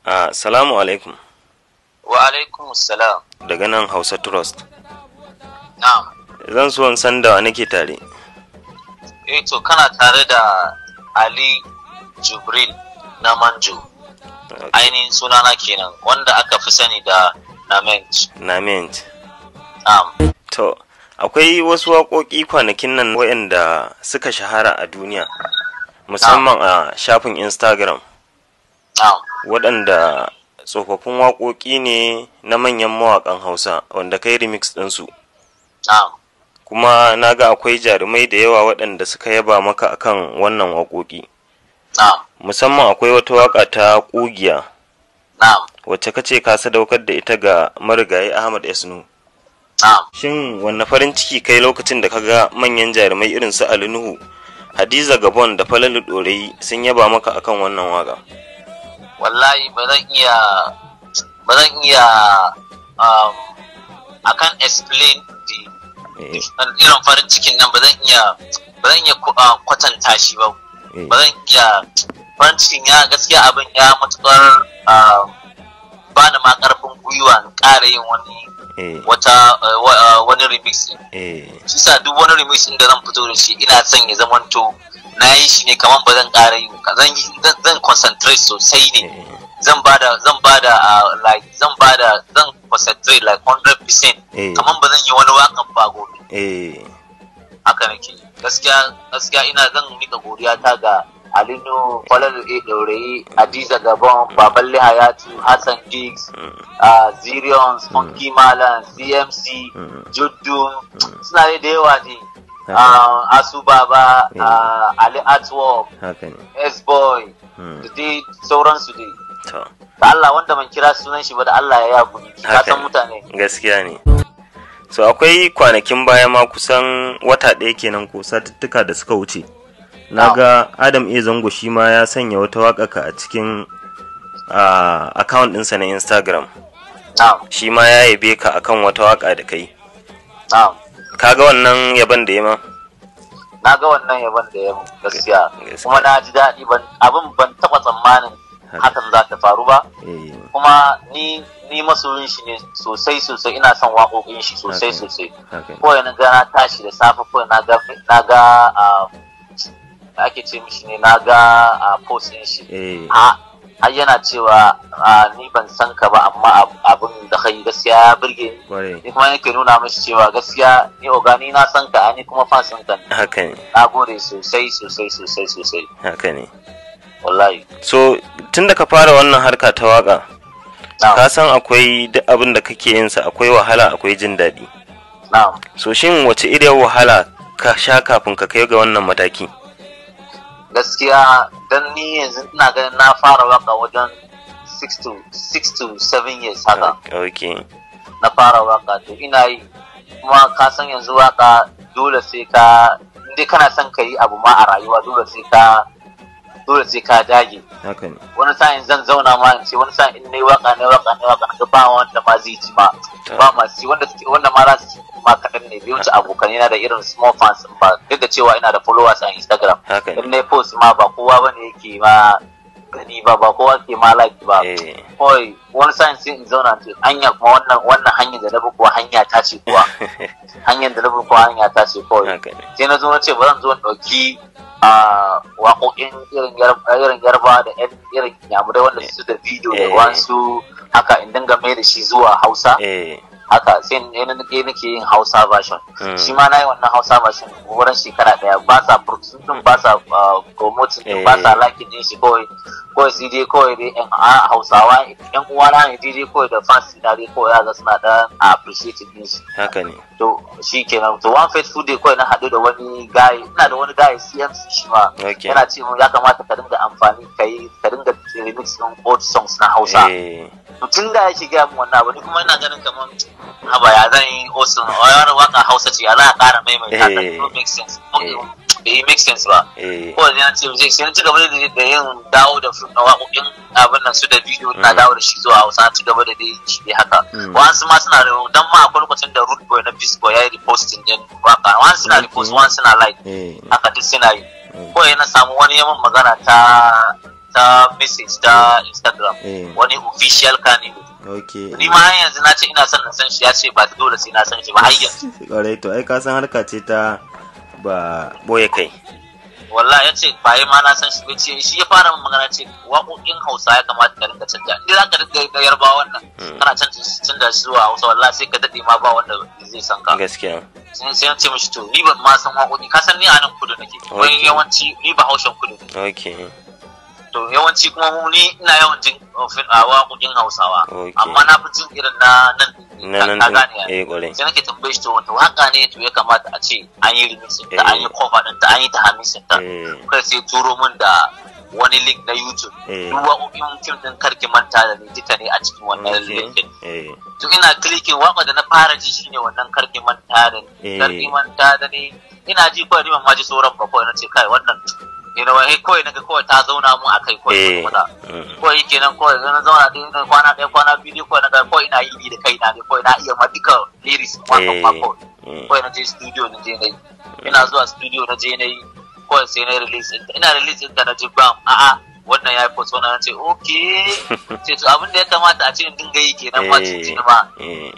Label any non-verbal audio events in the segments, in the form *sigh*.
Assalamu ah, alaikum. Wa alaikum salam. Daga nan Hausa Trust. Na'am. Zan so in san da nake tare. Eh to kana tare da Ali Jibril na Manjo. Ainihin sunana kenan wanda aka fi sani da Nament. Nament. Na'am. To, akwai wasu waƙoƙi kwanakin nan waɗanda suka shahara a duniya, musamman a shafin Instagram. Na'am. waɗanda tsofaffin waƙoƙi ne na manyan mawaƙan hausa wanda kai remix ɗinsu kuma na ga akwai jarumai da yawa waɗanda suka yaba maka akan wannan waƙoƙi musamman akwai wata waƙa ta ƙugiya wacce kace ka sadaukar da ita ga marigayi ahmad esnu shin wanne farin ciki kai lokacin da ka ga manyan jarumai irin su alinuhu hadiza gabon da falalu ɗorayi sun yaba maka akan wannan waƙa wallahi ba zan iya ba zan um, explain the eh. irin farin cikin nan ba zan iya ba zan iya uh, kwatanta shi ba eh. ba zan iya farin cikin ya gaskiya abin ya matukar um, ba na ma karfin gwiwa in ƙara yin wani eh. wata uh, uh, wani remix din shi sa duk wani remix din da zan fito da shi ina son ya zamanto na yi shi ne kamar ba zan ƙara yi ba zan zan concentrate sosai ne eh, eh, eh. zan da zan da ah, like zan da zan concentrate like 100% kamar ba zan yi wani wakan ba gobe eh haka nake gaskiya gaskiya ina zan mika godiya ta ga Alinu Falalu A Daurayi, Adiza Gabon, Baballe lihayatu Hassan Diggs, ah, Zirions, Funky Malan, CMC, Juddum, suna da yawa ne. Ah, Asubaba, ah, Ali Artwork, S-Boy, hmm. da dai sauransu dai. Da Allah wanda man kira sunan shi ba da Allah ya yabu ka san mutane. Gaskiya ne. So akwai kwanakin baya ma kusan wata ɗaya kenan ko satuttuka da suka wuce. Na ga Adam A. Zango shi ma ya sanya wata ka a cikin ah, account ɗinsa na Instagram. Shi ma ya yabe ka akan wata waƙa da kai. kaga wannan yaban da ya ma na ga wannan yaban da ya gaskiya kuma na ji daɗi abin ban taɓa tsammanin hakan za ta faru ba eh. kuma ni ni masoyin shi ne sosai sosai ina son waƙoƙin shi sosai sosai kawai na ga tashi da safe kawai na ga na ga ah, ake ce mishi ne na ga ah, post ɗin shi eh. ah, har yana cewa a ah, ni ban san ka ba amma abin da kai gaskiya ya burge ni ni kuma yake nuna mishi cewa gaskiya ni ogani na san ka ni kuma fa san ka haka ne na gode sosai sosai sosai sosai haka ne wallahi so tun da ka fara wannan harka ta waka ka san akwai duk abin da kake yin sa akwai wahala akwai jin daɗi so shin wace irin wahala ka sha kafin ka kai ga wannan mataki gaskiya don ni yanzu ina ganin na fara waka wajen 6 to 6 7 years haka okay na fara waka to ina yi kuma ka san yanzu waka dole sai ka inda kana son ka yi abu ma a rayuwa dole sai ka dole sai ka dage wani sa'in zan zauna ma in ce wani sa'in in nayi waka ne waka ne waka ga ba wanda ma zai ci ma ba ma shi wanda suke wanda ma za su ci ma kaɗan ne bai wuce abokan yana da irin small fans ba duk da cewa ina da followers a Instagram in nayi post ma ba kowa bane yake ma gani ba ba kowa ke ma like ba eh. kawai wani sa'in sai in zauna ce hanya kuma wannan wannan hanyar da na bi kuwa hanya ta ce kuwa *laughs* hanyar da na bi kuwa hanya ta ce kawai sai na zo na ce ba zan zo in ɗauki a waƙoƙin irin yarba da yan irin yamurai wanda eh. su da bidiyo da eh. wasu haka in dinga mai da shi zuwa hausa eh. haka sai ne nake yin hausa version hmm. shi ma na yi wannan hausa version wurin shekara daya ba sa production ba sa uh, promoting din ba sa eh. like din shi kawai kawai sai dai kawai dai yan hausawa yan ne dai kawai da fans na dai kawai yaga suna da appreciate din shi haka ne to shi kenan to one faithful day kawai na haɗu da wani guy ina da wani guy CM shi ma yana ce mun ya kamata ka dinga amfani ka yi ka dinga remix din old songs na hausa eh. to tun da yake gaya min wannan abu ni kuma ina ganin kamar haba ya zan yi osun wayar waka hausa ce ya ƙara kara maimaita ta no eh. make sense eh. bai make sense ba eh. ko ne ce zai sai ci gaba da yin dawo da fim na waƙoƙin abin nan su da bidiyo na hmm. dawo da shi zuwa hausa ci gaba da dai shi haka hmm. wasu ma suna da dan ma akwai lokacin da root boy na boy ya yi reposting din waka wasu suna hmm. repost wasu suna like haka duk suna yi ko na samu wani yaman magana ta ta message ta instagram eh. wani official ne. okay ni ma har yanzu na ce ina son na san shi ya ce ba dole sai na san shi ba har yanzu ƙwarai *laughs* to ai ka san harka ce ta ba boye kai walla ya ce yi ma na san shi bai ce shi ya fara min magana ce waƙoƙin hausa ya kamata ka rinka canja in za ka rinka da yarba wannan hmm. kana canja canja shi zuwa hausa walla sai ka dade ma ba wanda zai san ka gaskiya sai sai ce mishi to ni ban ma san waƙoƙi ka san ni a nan kudu nake wani yawanci ni ba haushen kudu ne to yawanci kuma mu ni ina yawan jin ofin uh, 'Awa, uh, waƙoƙin hausawa amma na fi jin irin na nan ta gane eh, sai nake tambaye shi to wata haka ne to ya kamata a ce an yi remixin ta an yi eh. cover din ta an yi ta hamisin ta eh. kai sai turo min da wani link na YouTube duk waƙoƙin fim din karki manta da ni duka ne a cikin wannan link to ina clicking waka da na fara ji shine wannan karki manta da ni karki manta da ni ina ji kawai ni ma ji sauran ba kawai na ce kai wannan ina eh, kawai kawai ta zauna mun akai kawai kuma eh, mm. kawai kenan kawai zauna na kwana kwana biyu kawai kawai yi da kawai na iya ma duka eh, mm. na je studio na je na yi ina zuwa studio na je na yi kawai sai na release ina release na ji bam a'a wannan ya yi foto na ce ok *laughs* ce to abin da ya kamata a ce in dinga yi kenan ma cin ma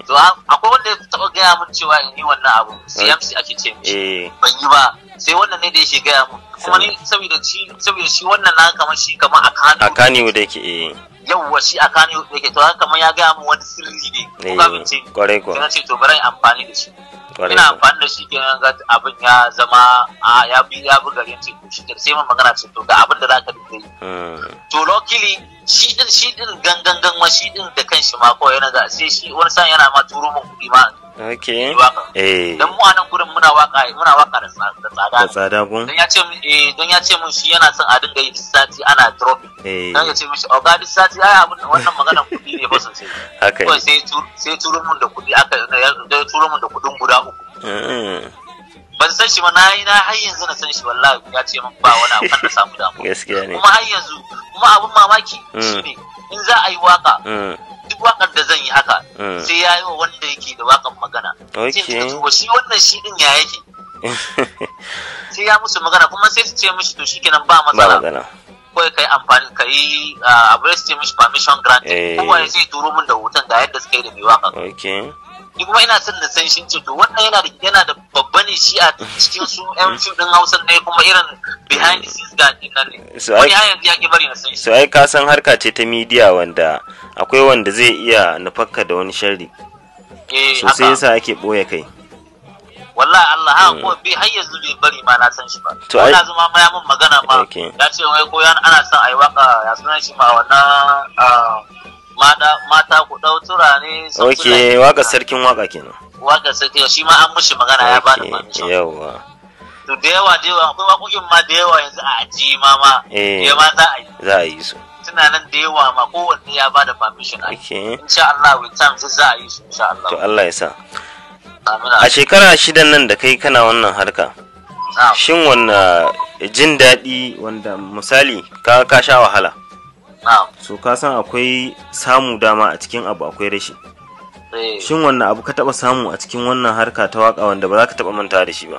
to akwai wanda ya taɓa gaya min cewa in yi wannan abu CMC eh. ake ce mishi eh. ban yi ba sai wannan ne da ya gaya min kuma ni eh. saboda shi saboda shi wannan na kamar shi kamar a Kano a Kano da yake eh yawwa shi a Kano da yake to haka kamar ya gaya min wani sirri ne ko kafin ce kwarai ko na ce to bari amfani da shi ina amfani da shi kenan ga abin ya zama a ya bi ya bi garin ce ko shi sai mun magana ce to ga abin da zaka dinga yi hmm. to luckily shi din shi din gangan gangan shi din da kanshi ma ko yana a sai shi wani san yana ma turo min kuɗi ma Okay. Eh. Dan mu anan gurin muna waka muna waka da tsada. Da tsada gun. Don ya ce eh don ya ce mu shi yana son a dinga yi sati ana dropping. Eh. Dan ya ce shi, oga duk sati ai abun wannan maganar kuɗi ne ba sosai. Haka. Ko sai sai turo mun da kuɗi aka da turo mun da kuɗin guda uku. Ban san shi ma na yi na har yanzu na san shi wallahi ya ce min ba wani abu na samu damu. Gaskiya ne. Kuma har yanzu kuma abun mamaki shine mm. in za a yi waka. Mm. duk wakar da zan yi haka eh. sai ya yi wa wanda yake da wakar magana sai shi wannan shi din ya yake *laughs* sai ya musu magana kuma sai su ce mishi to shikenan ba matsala kawai kai amfani ka yi ah, abu da su ce mishi permission granted eh. kuma ya zai turo min da hoton ga yadda suka yi da mai wakar ni kuma ina son na san shi ce to wannan yana da yana da babban shi a cikin su yan fim din Hausa ne kuma irin behind the scenes ga nan ne wani har yanzu ya ki bari na san shi sai ka san harka ce ta media wanda akwai wanda zai iya nufakka da wani sharri eh, sosai yasa ake boye kai wallahi Allah ha mm. ko bi har yanzu bai bari ma na san shi ba to ai yanzu ma mai mun magana ma ya ce wai ko ana son ai waka ya san shi ma wannan ah, mata ku ɗau turane Okay waka sarkin waka kenan waka sarkin shi ma an mushi magana ya bada permission yawa to da yawa da yawa akwai waƙoƙin ma da yawa yanzu a ji ma ma eh, ma za a yi za a yi su suna nan da yawa ma kowanne ya bada permission a yi insha Allah with time sai za a yi su insha Allah to Allah ya sa a shekara shidan nan da kai kana wannan harka shin wannan jin daɗi wanda misali ka sha wahala so ka san akwai samu dama a cikin abu akwai rashi eh. shin wannan abu ka taba samu a cikin wannan harka ta waka wanda ba za ka taba manta da shi ba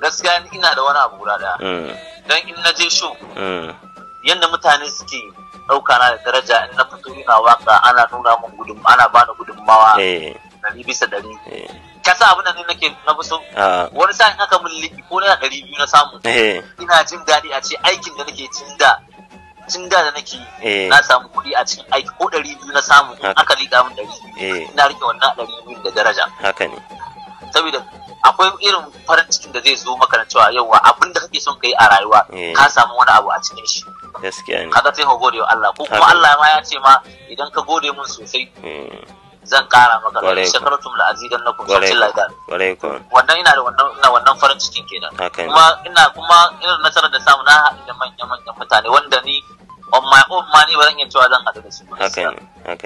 gaskiya ina da wani abu da mm. don in na je shu, mm. yadda mutane suke ɗauka na da daraja in na fito ina waka ana nuna min gudun ana bani gudunmawa eh. ɗari bisa ɗari eh. ka sa abin da nake na fi so wani sa'in aka mun liki ko na ɗari biyu na samu ina jin daɗi a ce aikin da nake cin da tun da na nake eh. na samu kuɗi a cikin aiki ko ɗari biyu na samu in aka liƙa min ɗari eh. ina rike wannan ɗari biyu da daraja haka ne saboda akwai irin farin cikin da zai zo maka cewa wa abin da kake son kai a rayuwa eh. ka samu wani abu a cikin shi gaskiya ne kaga sai ka gode wa Allah ko kuma Allah ma ya ce ma idan ka gode mun sosai hmm. zan kara maka da shekaratum la azidan na kun sai la wannan ina da wannan ina wannan farin cikin kenan kuma ina kuma irin nasarar da samu na haɗu da manyan manyan mutane wanda ni amma umma ne ma ni ba zan iya cewa zan haɗu da su ba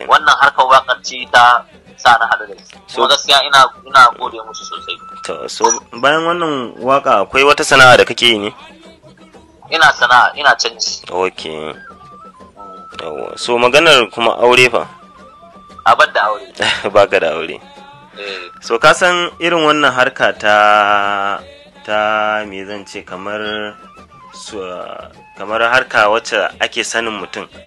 wannan harkar wakar ta sa na haɗu da su so gaskiya ina ina gode musu sosai to so bayan wannan waka akwai wata sana'a da kake yi ne ina sana'a ina canji okay yawa so maganar kuma aure fa a bar da aure *laughs* ba ka da aure eh. so ka san irin wannan harka ta ta me zan ce kamar kamar harka wacce ake sanin mutum